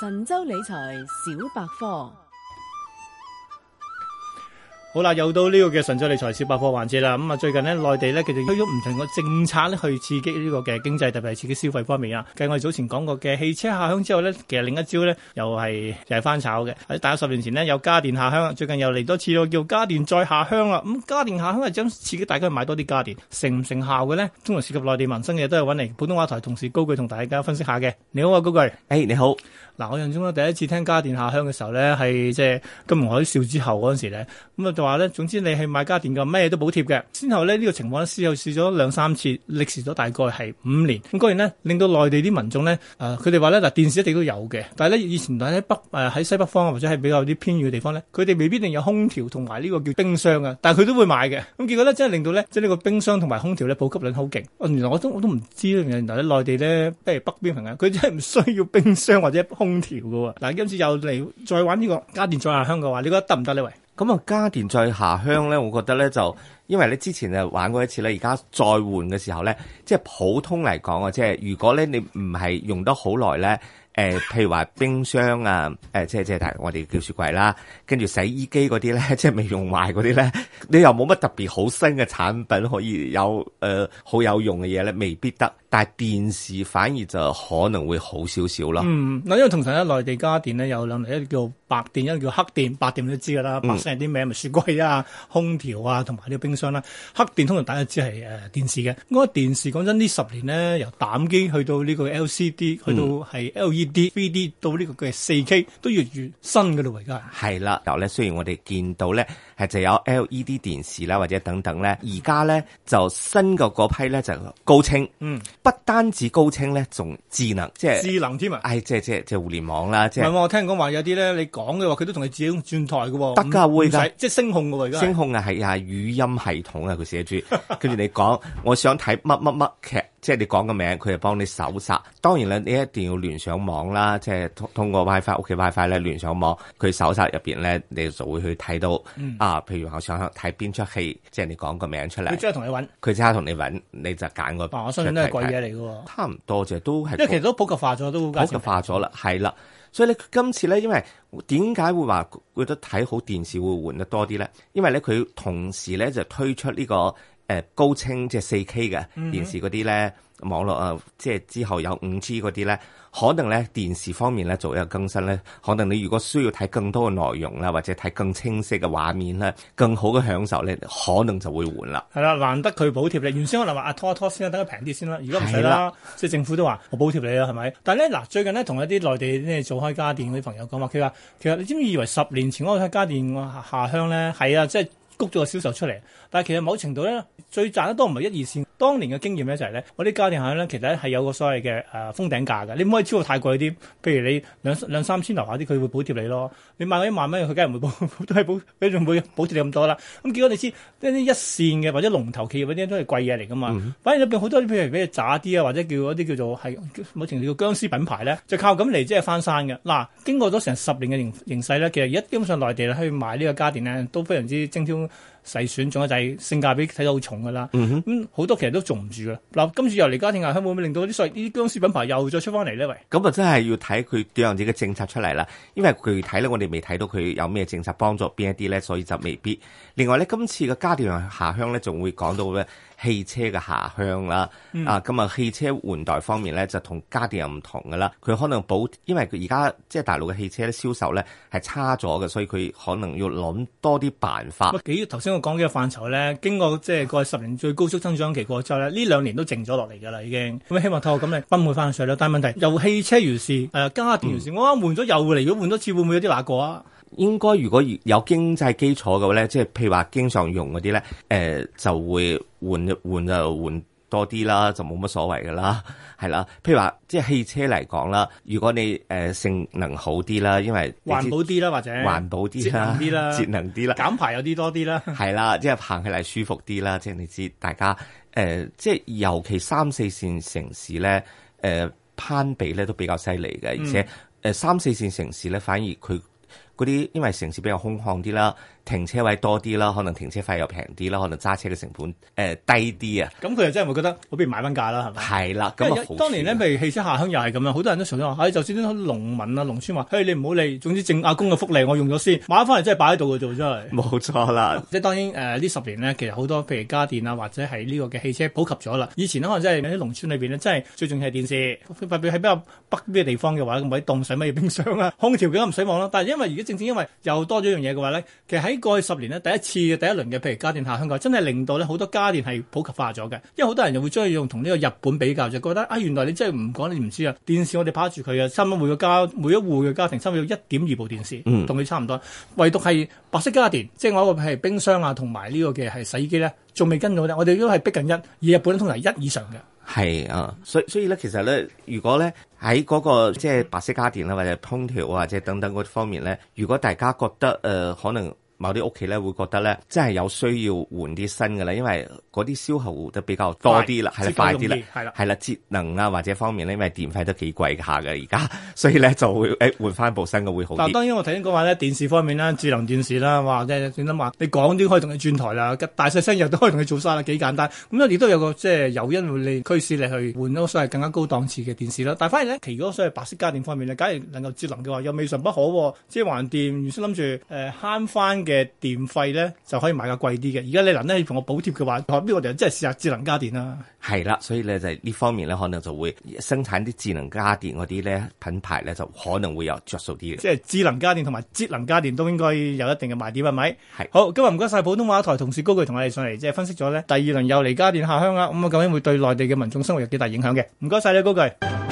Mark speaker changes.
Speaker 1: 神州理財小百
Speaker 2: 科，好啦，又到呢、這個嘅神州理財小百科環節啦。咁啊，最近呢內地呢其實喐喐唔同嘅政策去刺激呢個嘅經濟，特別係刺激消費方面啊。繼我哋早前講過嘅汽車下鄉之後呢，其實另一招呢又係又係翻炒嘅。喺大約十年前呢有家電下鄉，最近又嚟多次咯，叫家電再下鄉啊。咁、嗯、家電下鄉係想刺激大家去買多啲家電，成唔成效嘅呢？通常涉及內地民生嘅都係搵嚟普通話台同事高炬同大家分析下嘅。你好啊，高炬，誒，你好。高嗱，我印象中咧，第一次聽家電下鄉嘅時候咧，係即係金融海嘯之後嗰陣時咧，咁啊就話咧，總之你係買家電嘅，咩都補貼嘅。先後咧呢個情況試又試咗兩三次，歷時咗大概係五年。咁果然呢，令到內地啲民眾咧，誒佢哋話咧，嗱電視一定都有嘅，但係咧以前喺北誒喺西北方或者係比較啲偏遠嘅地方咧，佢哋未必定有空調同埋呢個叫冰箱嘅，但係佢都會買嘅。咁結果咧真係令到咧即係呢個冰箱同埋空調咧普及率好勁。原來我都我都唔知原來喺內地咧，譬如北邊朋友，佢真係唔需要冰箱或者空。空調噶喎，
Speaker 1: 嗱，今次又嚟再玩呢個家電再下鄉嘅話，你覺得得唔得呢？喂，咁啊，家電再下鄉咧，我覺得咧 就。因為你之前誒玩過一次咧，而家再換嘅時候咧，即係普通嚟講啊，即係如果咧你唔係用得好耐咧，誒、呃、譬如話冰箱啊，誒、呃、即係即係大我哋叫雪櫃啦，跟住洗衣機嗰啲咧，即係未用壞嗰啲咧，你又冇乜特別好新嘅產品可以有誒、呃、好有用嘅嘢咧，未必得。但係電視反而就可能會好少少咯。嗯，
Speaker 2: 嗱，因為同時咧，內地家電咧有兩類，一個叫白電，一個叫黑電。白電你都知㗎啦，白色啲咩？咪雪櫃啊、空調啊，同埋啲冰箱。啦，黑電通常第一支係誒電視嘅，咁、那個、電視講真呢十年呢，由膽機去到呢個 LCD、嗯、去到係 LED、3D 到呢個嘅四 K，都越嚟越新嘅啦，而家
Speaker 1: 係啦，但咧雖然我哋見到咧。係就有 LED 電視啦，或者等等咧。而家咧就新嘅嗰批咧就高清，嗯，不單止高清咧，仲智能，即係智能添啊！係、哎、即係即係互聯網啦，即係。唔係、啊、我
Speaker 2: 聽人講話有啲咧，你講嘅話佢都同你自動轉台㗎喎、哦，得噶會的即係聲
Speaker 1: 控嘅喎、啊，聲控啊係又係語音系統啊，佢寫住，跟住你講，我想睇乜乜乜劇。 即係你講個名，佢就幫你搜查。當然啦，你一定要聯上網啦，即係通通過 WiFi 屋企 WiFi 咧聯上網，佢搜查入邊咧，你就會去睇到、嗯。啊，譬如我想睇邊出戲，即係你講個名出嚟，佢即係同你搵，佢即刻同你搵，你就揀個、哦。我相信都係貴嘢嚟噶。差唔多就都係。即係其實都普及化咗，都普及化咗啦，係啦。所以咧，今次咧，因為點解會話覺得睇好電視會換得多啲咧？因為咧，佢同時咧就推出呢、這個。誒高清即係 4K 嘅、嗯、電視嗰啲咧，網絡啊，即係之後有 5G 嗰啲咧，可能咧電視方面咧做一個更新咧，可能你如果需要睇更多嘅內容啦，或者睇更清晰嘅畫面咧，更好嘅享受咧，可能就會換啦。
Speaker 2: 係啦，難得佢補貼你，原先我哋話拖一拖先啦，等佢平啲先啦。如果唔使啦，即係政府都話我補貼你啦，係咪？但呢，咧嗱，最近咧同一啲內地即係做開家電嗰啲朋友講話，佢話其實你知唔知以為十年前嗰個家電下鄉咧，係啊，即係谷咗個銷售出嚟，但係其實某程度咧，最賺得都唔係一二綫。當年嘅經驗咧，就係，是，咧，我啲家電行咧其實咧係有個所謂嘅誒封頂價嘅，你唔可以超過太貴啲。譬如你兩兩三千樓下啲，佢會補貼你咯。你買到一萬蚊，佢梗係唔會補都係補，佢仲會補貼你咁多啦。咁結果你知，一啲一線嘅或者龍頭企業嗰啲都係貴嘢嚟噶嘛。嗯、反而入邊好多啲譬如俾你渣啲啊，或者叫嗰啲叫做係冇情叫僵屍品牌咧，就靠咁嚟即係翻山嘅。嗱、啊，經過咗成十年嘅形形勢咧，其實而家基本上內地去買呢個家電咧都非常之精挑。細選，中一就係性價比睇到好重噶啦，咁、嗯、好、嗯、多其實都做唔住啦。嗱，今次又嚟家電下鄉，會唔會令到啲細呢啲僵屍品牌又再出翻嚟呢？
Speaker 1: 喂，咁啊真係要睇佢點樣自己嘅政策出嚟啦。因為具體咧，我哋未睇到佢有咩政策幫助邊一啲咧，所以就未必。另外咧，今次嘅家電下鄉咧，仲會講到咧。汽車嘅下鄉啦、嗯，啊咁啊，汽車換代方面咧，就同家電又唔同噶啦。佢可能補，因為佢而家即係大陸嘅汽車咧，銷售咧係差咗嘅，所以佢可能要諗多啲辦法。
Speaker 2: 頭先我講嘅範疇咧，經過即係過去十年最高速增長期過之後咧，呢兩年都靜咗落嚟噶啦，已經咁希望透下咁咪翻回翻上嚟咯。但係問題，由汽
Speaker 1: 車如是，誒家電如是，我啱換咗又嚟，如果換多次會唔會有啲揦過啊？應該，如果有經濟基礎嘅話咧，即係譬如話經常用嗰啲咧，誒就會換換就換多啲啦，就冇乜所謂噶啦，係啦。譬如話即係汽車嚟講啦，如果你、呃、性能好啲啦，因為環保啲啦，或者環保啲啦，節能啲啦，節能啲啦，減排有啲多啲啦，係啦，即係行起嚟舒服啲啦。即 係你知大家誒、呃，即係尤其三四線城市咧，誒、呃、攀比咧都比較犀利嘅，而且、嗯呃、三四線城市咧反而佢。嗰啲因為城市比較空曠啲啦，停車位多啲啦，可能停車費又平啲啦，可能揸車嘅成本誒、呃、低啲啊。咁佢又真係會覺得，我不如買翻架啦，係咪？係啦，咁啊，當年呢，譬如汽車下鄉又係咁樣，好
Speaker 2: 多人都想講、哎、就算啲農民啊、農村話，你唔好理，總之正阿公嘅福利，我用咗先，買翻嚟真係擺喺度嘅，做咗
Speaker 1: 冇錯啦，
Speaker 2: 即係當然誒呢十年呢，其實好多譬如家電啊，或者係呢個嘅汽車普及咗啦。以前可能真係喺啲農村裏邊呢，真係最重要係電視。特別喺比較北啲地方嘅話，咁咪凍，使乜嘢冰箱啊？空調嘅都唔使望啦。但係因為而家。正正因為又多咗一樣嘢嘅話咧，其實喺過去十年呢，第一次第一輪嘅，譬如家電下鄉，真係令到咧好多家電係普及化咗嘅。因為好多人又會將佢用同呢個日本比較，就覺得啊、哎，原來你真係唔講你唔知啊。電視我哋趴住佢啊，差唔多每個家每一戶嘅家庭差唔多一點二部電視，嗯，同佢差唔多。唯獨係白色家電，即係我個譬如冰箱啊，同埋呢個嘅係洗衣機咧，仲未跟到咧。我哋都係逼近一，而日本通常係一以上嘅。
Speaker 1: 係啊，所以所以咧，其實咧，如果咧喺嗰個即係白色家電啦，或者空調啊，或者等等嗰方面咧，如果大家覺得誒、呃、可能。某啲屋企咧會覺得咧，真係有需要換啲新嘅啦，因為嗰啲消耗得比較多啲啦，係啦，快啲啦，係啦，係啦，節能啊或者方面咧，因為電費都幾貴下㗎而家，所以咧就會誒、哎、換翻部新嘅會好啲。但當
Speaker 2: 然我睇到講話咧，電視方面啦，智能電視啦，哇，即係點樣話？你講啲可以同你轉台啦，大細聲又都可以同你做生啦，幾簡單。咁我亦都有個即係有因會利力驅使你去換咗所謂更加高檔次嘅電視啦。但係反而咧，其餘嗰些係白色家電方面咧，假如能夠節能嘅話，又未嘗不可喎、啊，即係橫掂，原先諗住誒慳翻嘅電費咧就可以買個貴啲嘅，而家你能咧同我補貼嘅話，邊個就真係試下智能家電啦。
Speaker 1: 係啦，所以咧就係呢方面咧，可能就會生產啲智能家電嗰啲咧品牌咧，就可能會有着數啲嘅。即係
Speaker 2: 智能家電同埋節能家電都應該有一定嘅賣點，係咪？係。好，今日唔該晒普通話台同事高炬同我哋上嚟，即係分析咗咧，第二輪又嚟家電下鄉啊。咁啊，究竟會對內地嘅民眾生活有幾大影響嘅？唔該晒你高炬。